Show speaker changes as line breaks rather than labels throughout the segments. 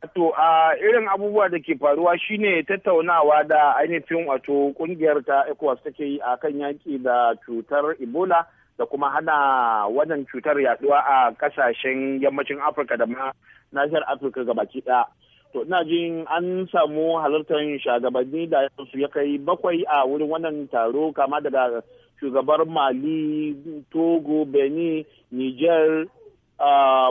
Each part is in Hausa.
To a irin abubuwa da ke faruwa shine tattaunawa da ainihin wato kungiyar ta ECOWAS take yi a kan yaƙi da cutar Ebola da kuma hana wannan cutar yaduwa a kasashen yammacin Afirka da ma nahiyar Afirka gabaki ɗaya. To ina jin an samu halartar shagabanni da su ya kai bakwai a wurin wannan taro kama daga shugabar Mali, Togo, Benin, Niger,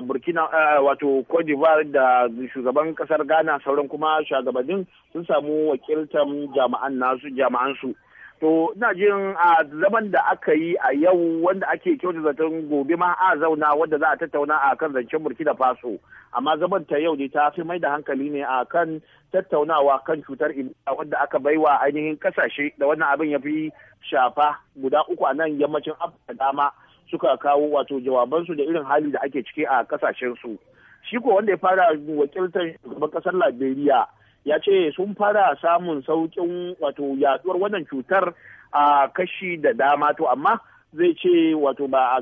burkina wato cote d'ivoire da shugaban kasar ghana sauran kuma shugabannin sun samu wakiltar jami'an nasu su to ina jin a zaman da aka yi a yau wanda ake kyauta zaton gobe ma a zauna wanda za a tattauna a kan zancen burkina faso amma zaman ta yau ne ta fi mai da hankali ne a kan tattaunawa kan cutar ebola wanda aka baiwa ainihin kasashe da wannan abin ya fi shafa guda uku a nan yammacin afirka dama suka kawo wato jawabansu da irin hali da ake ciki a kasashensu shi ko wanda ya fara wakiltar shugaban kasar liberia ya ce sun fara samun saukin wato yaduwar wannan cutar a kashi da dama to amma zai ce wato ba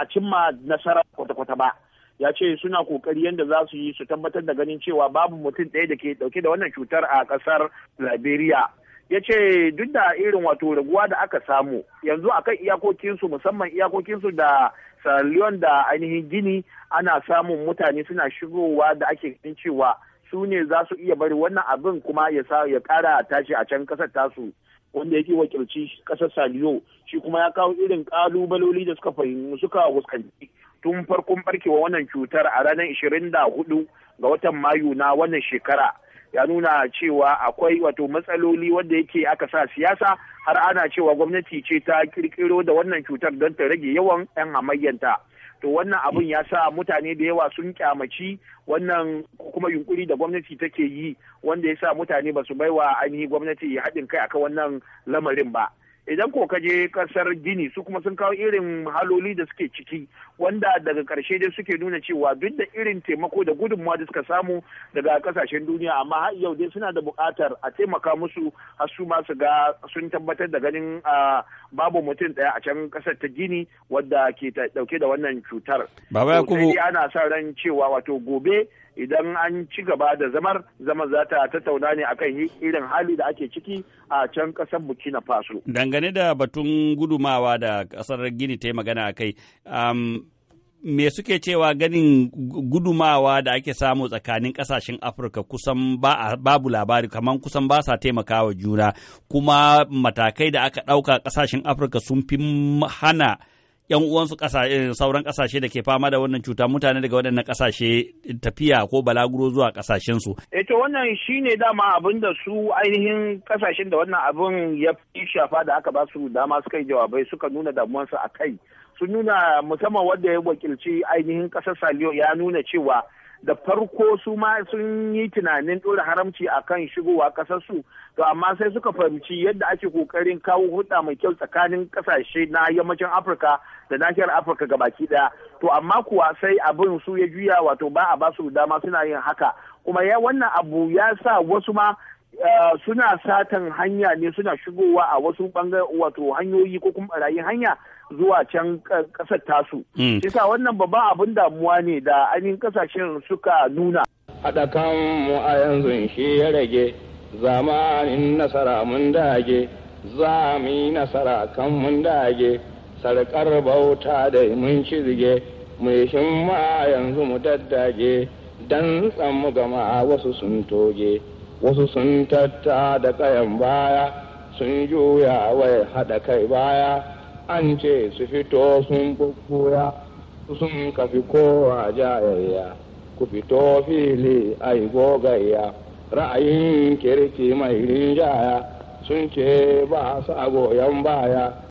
a cimma nasara kwata-kwata ba ya ce suna kokari yadda za su yi su tabbatar da ganin cewa babu mutum ɗaya da ke dauke da wannan cutar a ƙasar liberia ya ce duk da irin wato raguwa da aka samu yanzu akan iyakokinsu musamman iyakokinsu da saliyon da ainihin gini ana samun mutane suna shigowa da ake ganin cewa su ne za su iya bari wannan abin kuma ya ya kara tashi a can kasar tasu wanda yake wakilci kasar saliyo shi kuma ya kawo irin kalubaloli da suka fahimci suka wuskanci tun farkon barkewa wannan cutar a ranar 24 ga watan mayu na wannan shekara ya nuna cewa akwai wato matsaloli wanda yake aka sa siyasa har ana cewa gwamnati ce ta kirkiro da wannan cutar don ta rage yawan 'yan amayyanta to wannan abun ya sa mutane da yawa sun kyamaci wannan kuma yunkuri da gwamnati take yi wanda ya sa mutane ba su baiwa ainihi gwamnati ya haɗin kai akan wannan lamarin ba idan ko kaje je kasar gini su kuma sun kawo irin haloli da suke ciki wanda daga karshe dai suke nuna cewa duk da irin taimako da gudunmawa da suka samu daga kasashen duniya amma har yau dai suna da buƙatar a taimaka musu har su ma su ga sun tabbatar da ganin babu mutum ɗaya a can ƙasar ta gini wadda ke ɗauke da wannan cutar. Baba Yakubu. ana sa ran cewa wato gobe idan an ci gaba da zamar zamar za ta tattauna ne akan irin hali da ake ciki a can kasar burkina faso
dangane da batun gudumawa da kasar gini ta magana a kai me suke cewa ganin gudumawa da ake samu tsakanin kasashen afirka kusan babu labari kamar kusan ba sa taimakawa juna kuma matakai da aka ɗauka kasashen afirka sun fi hana 'yan uwansu eh, sauran kasashe da ke fama da wannan cuta mutane daga waɗannan kasashe tafiya ko balaguro zuwa kasashensu.
E eh, to wannan shine dama abin da su ainihin kasashen da wannan abin ya fi shafa da aka ba su dama suka yi jawabai suka nuna damuwansu a kai. Sun nuna musamman wanda ya wakilci ainihin ƙasar Saliyo ya nuna cewa da farko su ma sun yi tunanin ɗora haramci a kan shigowa ƙasarsu to amma sai suka fahimci yadda ake ƙoƙarin kawo hulɗa mai kyau tsakanin ƙasashe na yammacin afirka da nahiyar afirka gabaki ɗaya to amma kuwa sai abin su ya juya wato ba a ba su dama suna yin haka kuma ya wannan abu ya sa wasu ma Eh, suna satan hanya ne suna shigowa a wasu bangare wato hanyoyi ko kuma barayin hanya zuwa can kasar tasu. Mm. Shisa wannan babban abin damuwa ne da ainihin kasashen suka nuna. Haɗa kanmu a yanzu shi ya rage zamanin nasara mun dage
za mu yi nasara kan mun dage sarkar bauta da mun shirge mu shin ma yanzu mu daddage dan tsammu gama wasu sun toge. wasu sun tatta da ƙayan baya sun juya wai haɗa kai baya an ce su fito sun bubbuya sun kafi kowa jayayya ku fito fili
ai gogayya ra'ayin kirki mai rinjaya sun ce ba sa goyon baya